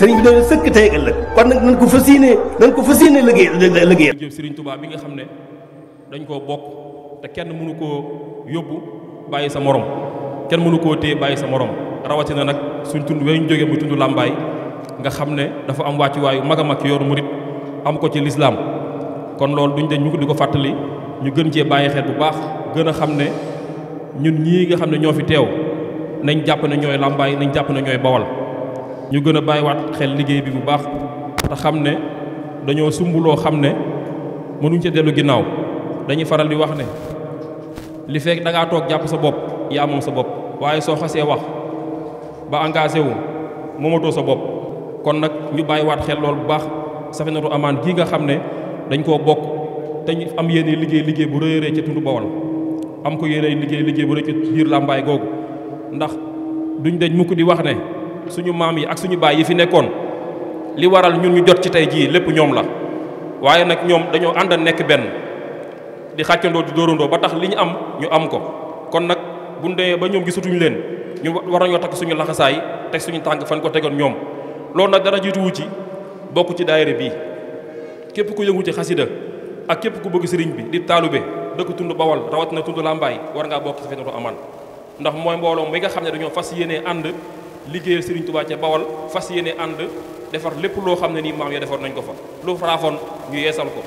sëriñ bi dana sëkk tey ëllëg kon nag nañ ko fas yéene nañ ko fas yéene liggéey liggéey jëf sëriñ Touba bi nga xam ne dañ koo bokk te kenn mënu koo yóbbu bàyyi sa moroom kenn mënu koo téye bàyyi sa morom rawatina nag suñ tund we ñu jógee muy tund làmbaay nga xam ne dafa am wàccuwaayu mag a mag mu murit am ko ci lislaam kon loolu duñ dañ ñu di ko fàttali ñu gën jee bàyyi xet bu baax gën a xam ne ñun ñii nga xam ne ñoo fi teew nañ jàpp ne ñooy làmbaay nañ jàpp ne ñooy ñu gën a waat xel liggéey bi bu baax te xam ne dañoo sumbuloo xam ne mënuñ ca dellu ginnaaw dañuy faral di wax ne li fekk da ngaa toog jàpp sa bopp yaa moom sa bopp waaye soo xasee wax ba engagé wu moomatoo sa bopp kon nag ñu waat xel lool bu baax Safinatu Amaan gii nga xam ne dañ koo bokk te ñu am yéene liggéey liggéey bu rëy rëy ca tundu Bawol am ko yéene liggéey liggéey bu rëy ca biir làmbaay googu ndax duñ deñ mukk di wax ne suñu maam yi ak suñu baay yi fi nekkoon li waral ñun ñu jot ci tey jii lépp ñoom la waaye nag ñoom dañoo ànd a nekk benn di xàccandoo di dóorandoo ba tax li ñu am ñu am ko kon nag bu dee ba ñoom gisatuñu leen ñu war nañoo takk suñu laxasaay teg suñu tànk fan ko tegoon ñoom loolu nag dara jiituwu ci bokk ci daayira bii képp ku yëngu ci xasida ak képp ku bëgg sëriñ bi di taalube dëkk tund bawal rawatina tund làmbaay war ngaa bokk ci fenatu aman ndax mooy mbooloo mi nga xam ne dañoo fas yéenee ànd liggéeyal Serigne tubaa ca Bawal fas yéene ànd defar lépp loo xam ne nii maam ya defar nañ ko fa lu raafoon ñu yeesal ko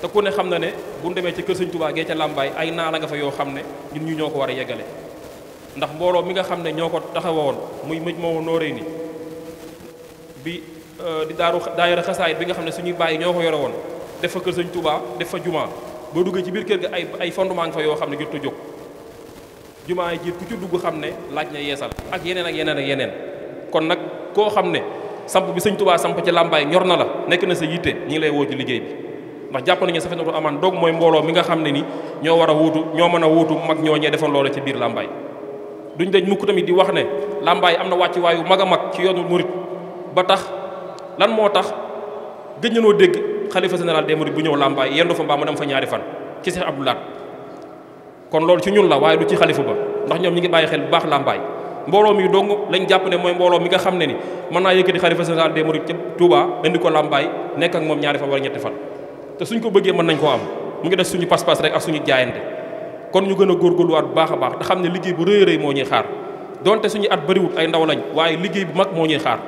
te ku ne xam na ne bu ñu demee ca kër Serigne Touba gee ca làmbaay ay naa la nga fa yoo xam ne ñun ñu ñoo ko war a yeggale ndax mbooloo mi nga xam ne ñoo ko woon muy mëj moo nooree ni bi euh, di daaru daayira xasaayit bi nga xam ne suñuy bàyyi ñoo ko yore woon def fa kër Serigne Touba def fa jumaa boo duggee ci biir kër gi ay ay fondement nga yoo xam ne ngir jóg jumaa ji ku ci dugg xam ne laaj na yeesal ak yeneen ak yeneen ak yeneen kon nag koo xam ne samp bi sëñ tubaa samp ci làmbaay ñor na la nekk na sa yitte ñi ngi lay woo ci liggéey bi ndax jàpp nañu na natu amaan doog mooy mbooloo mi nga xam ne nii ñoo war a wuutu ñoo mën a wuutu mag ñoo ñee defoon loola ci biir làmbaay duñ dañ mukk tamit di wax ne làmbaay am na wàcci waayu mag a mag ci yoonu murit ba tax lan moo tax gëj nanoo dégg xalifa général des mourides bu ñëw làmbaay yendu fa mbaa mu dem fa ñaari fan ci Cheikh Abdou kon loolu ci ñun la waaye du ci xalifa ba ndax ñoom ñi ngi bàyyi xel bu baax làmbaay mbooloo mi dong lañ jàpp ne mooy mbooloo mi nga xam ne ni mën naa yëkkati xalifa général des mourides ca Touba indi ko làmbaay nekk ak moom ñaari fan wala ñetti fan te suñ ko bëggee mën nañ koo am mu ngi des suñu pas-pas rek ak suñu jaayante kon ñu gën a góorgóorluwaat bu baax a baax te xam ne liggéey bu rëy rëy moo ñuy xaar donte suñu at bëriwut ay ndaw lañ waaye liggéey bu mag moo ñuy xaar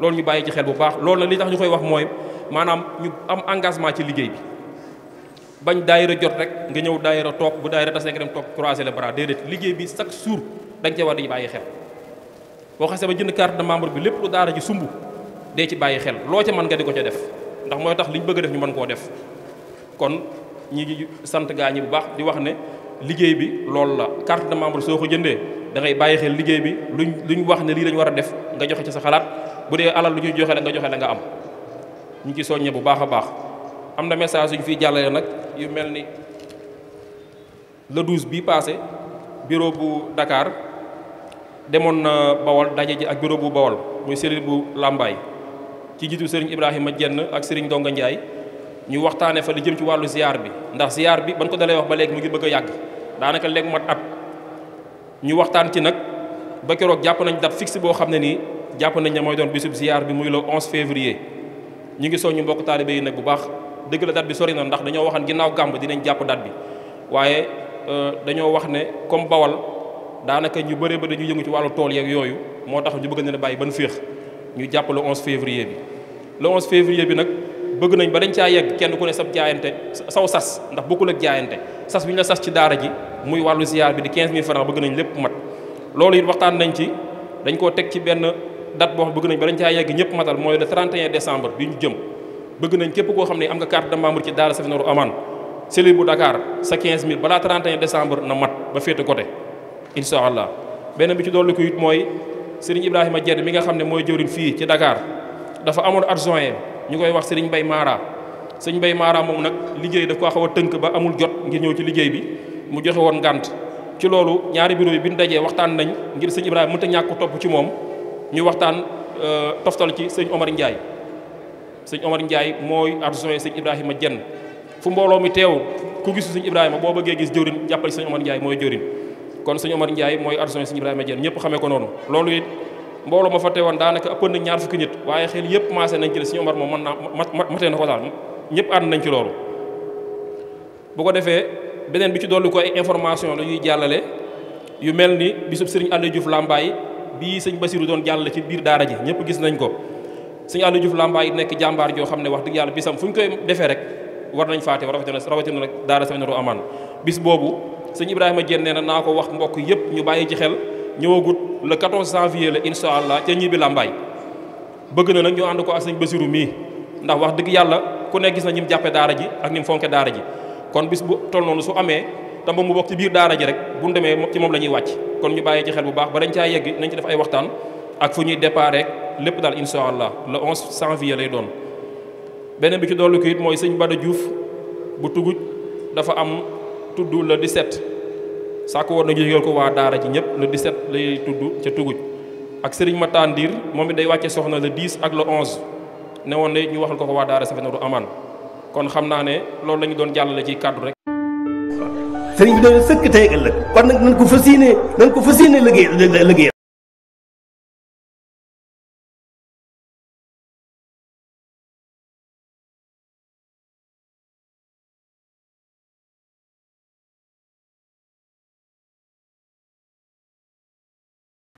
loolu ñu bàyyi ci xel bu baax loolu nag li tax ñu koy wax mooy maanaam ñu am engagement ci liggéey bi bañ daayira jot rek nga ñëw daayira toog bu daayira tas nga dem toog croiser les bras déedéet liggéey bi chaque jour da nga cee war di bàyyi xel boo xasee ba jënd carte de membre bi lépp lu daara ji sumb dee ci bàyyi xel loo ca mën nga di ko ca def ndax mooy tax liñ bëgg a mën koo def kon ñi ngi sant gaa bu baax di wax ne liggéey bi loolu la carte de membre soo ko jëndee da bàyyi xel liggéey bi luñ luñ wax ne lii lañ war a def nga joxe ci sa xalaat bu dee alal lu ñuy joxe la nga joxe la nga am ñu ngi ci soññe bu baax a baax am na message yu ñu fiy jàllale nag yu mel ni le 12 bi passé bureau bu demoon na Bawol daje ji ak bureau bu Bawol muy sëriñ bu Lambaay ci jiitu sëriñ Ibrahima Jenn ak sëriñ Donga Ndiaye ñu waxtaanee fa li jëm ci wàllu ziar bi ndax ziar bi ban ko dalee wax ba léegi mu ngi bëgg a yàgg daanaka léegi mat at ñu waxtaan ci nag ba keroog jàpp nañ date fixe boo xam ne nii jàpp nañ ne mooy doon bisub ziar bi muy le 11 février ñu ngi soññu mbokk taalibe nag bu baax. dëgg la date bi sori na ndax dañoo waxan ginnaaw gàmb dinañ jàpp date bi waaye euh, dañoo wax ne comme bawal daanaka ñu bëree ba dañu yëngu ci wàllu tool yeeg yooyu moo tax ñu bëgg na bàyyi ban féex ñu jàpp le 11 février bi le 11 bi nag bëgg nañ ba dañ caa yegg kenn ku ne sab jaayante saw sas ndax bokkul ak jaayante sas bi ñu la sas ci daara ji muy wàllu ziar bi di 15000 francs bëgg nañ lépp mat loolu it waxtaan nañ ci dañ koo teg ci benn date boo xam bëgg nañ ba dañ caa yegg ñëpp matal mooy le 31 décembre bi ñu jëm bëgg nañ képp koo xam ne am nga carte de membre ci daara Safinatoul Aman cellule bu Dakar sa 15000 balaa 31 décembre na mat ba féete côté incha allah benn bi ci dolli ko it mooy Serigne Ibrahima Dieng mi nga xam ne mooy jëwriñ fii ci dakaar dafa amoon adjoint ñu koy wax Serigne Mbaye Mara Serigne Mbaye Mara moom nag liggéey daf ko xaw a tënk ba amul jot ngir ñëw ci liggéey bi mu joxe woon ngànt ci loolu ñaari bureau yi bi ñu dajee waxtaan nañ ngir sëñ Ibrahima mënta ñàkk topp ci moom ñu waxtaan euh, toftal ci sëñ Omar Ndiaye sëñ Omar Ndiaye mooy adjoint sëñ Ibrahima jenn fu mbooloo mi teew ku gisu sëñ Ibrahima boo bëggee gis jëwrin jàppale sëñ Omar Ndiaye mooy jëwrin kon sëñ Omar njaay mooy adjoint sëñ Ibrahima Dieng ñëpp xamee ko noonu loolu it mbooloo ma fa teewoon daanaka ëppoon na ñaar waaye xel yëpp maase nañ ci ne sëñ Omar moom mën naa mat matee na ko daal ñëpp ànd nañ ci loolu bu ko defee beneen bi ci dolli ko ay information la yuy jàllale yu mel ni bisub sëriñ Aliou Diouf Lambaye bii sëñ Basirou doon jàllale ci biir daana ji ñëpp gis nañ ko suñu ànd Juuf Lambaay nekk jàmbaar joo xam ne wax dëgg yàlla bisam fu ñu koy defee rek war nañ faate rawatina rawatina nag daara Safinatoul Aman bis boobu sëñ Ibrahima Diène nee na naa ko wax mbokk yëpp ñu bàyyi ci xel ñëwagut le 14 janvier la incha allah ca ñibbi Lambaay bëgg na nag ñu ànd ko ak sëñ Basiru mii ndax wax dëgg yàlla ku ne gis na ñi jàppe daara ji ak ni mu fonke daara ji kon bis bu toll noonu su amee te mu bokk ci biir daara ji rek bu ñu demee ci moom la ñuy wàcc kon ñu bàyyi ci bu baax ba dañ caa yegg nañ ci def ay waxtaan ak fu ñuy départ lépp daal insha allah le 11 janvier lay doon beneen bi ci dolli ko it mooy sëñ Bada Diouf bu tuguj dafa am tudd le 17 sàkku woon nañu yëgal ko waa daara ci ñëpp le 17 lay tudd ca tuguj ak sëriñ Matandir moom it day wàcce soxna le 10 ak le 11 ne woon ne ñu waxal ko ko waa daara Safinatoul Aman kon xam naa ne loolu la ñu doon jàllale ci kàddu rek. sëriñ bi doon sëkk tey ëllëg kon nag nañ ko fas yéene nañ ko fas yéene liggéey liggéey